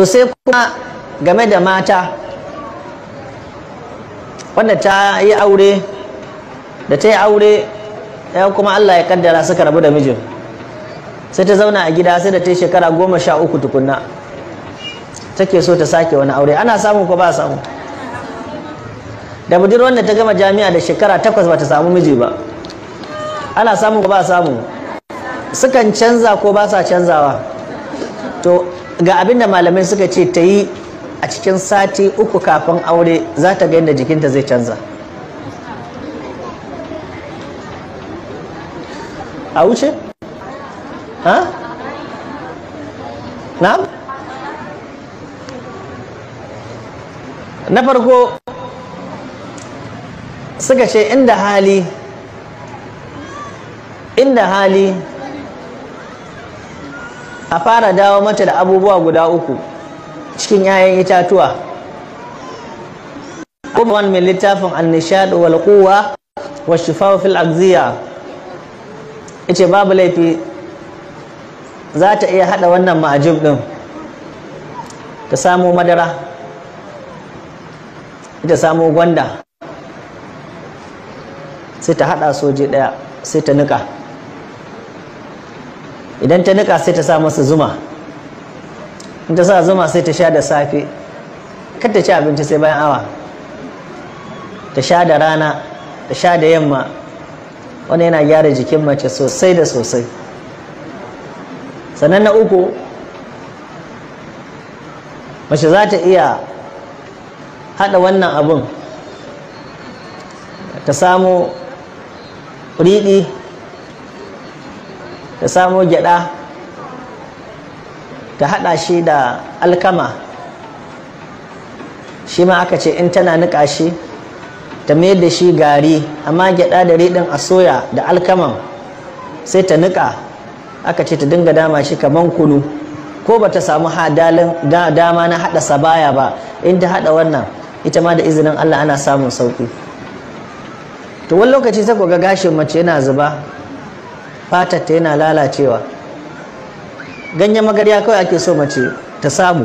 to sai kuma game da mata wanda ta yi aure da ta yi aure ya kuma Allah ya kaddara suka rabu da mijin sai ta zauna a gida sai da ta yi shekara goma sha uku tukunna take so ta sake wani aure ana samu ko ba samu da budurwar wanda ta gama jami'a da shekara takwas ba ta samu miji ba ana samu ko ba samu sukan canza ko ba sa canzawa to ga abin da malamai suka ce ta yi a cikin sati uku kafin aure za ta ga yadda jikinta zai canza a wuce? ha? na? na farko suka ce inda hali inda hali a fara dawo mata da abubuwa guda uku cikin 'ya'yan itatuwa kuma mai littafin annishad wal quwwa wa shifawa fil agziya ice babu laifi za ta iya haɗa wannan ma'ajib din ta samo madara ta samo gwanda sai ta hada soje daya sai ta nika idan ta nika sai ta sa masa zuma in ta sa zuma sai ta sha da safe kar ta ci abinci sai bayan awa ta sha da rana ta sha da yamma wani yana gyara jikin mace sosai da sosai sannan na uku mace za ta iya haɗa wannan abun ta samu riɗi ta samo gyada ta hada shi da alkama shi ma aka ce in tana nika shi ta mayar da shi gari amma gyada da riɗin a soya da alkaman sai ta nika aka ce ta dinga dama shi kamar kunu ko ba ta samu dama na hada sabaya ba in ta hada wannan ita ma da izinin Allah ana samun sauki to wani lokaci sai ga gashin mace yana zuba fatar ta yana lalacewa ganyen magarya kawai ake so mace ta samu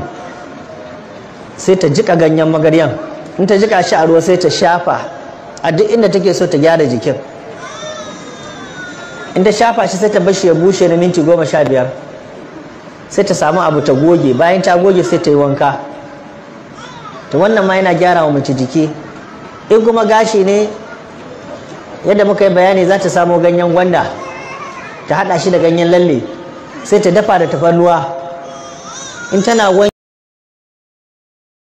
sai ta jika ganyen magaryan in ta jika shi a ruwa sai ta shafa a duk inda take so ta gyara jikin in ta shafa shi sai ta bashi ya bushe na minti goma sha biyar sai ta samu abu ta goge bayan ta goge sai ta yi wanka Ta wannan ma yana gyara wa mace jiki in kuma gashi ne yadda muka yi bayani za ta samu ganyen gwanda ta haɗa shi da ganyen lalle sai ta dafa da tafarnuwa in tana wani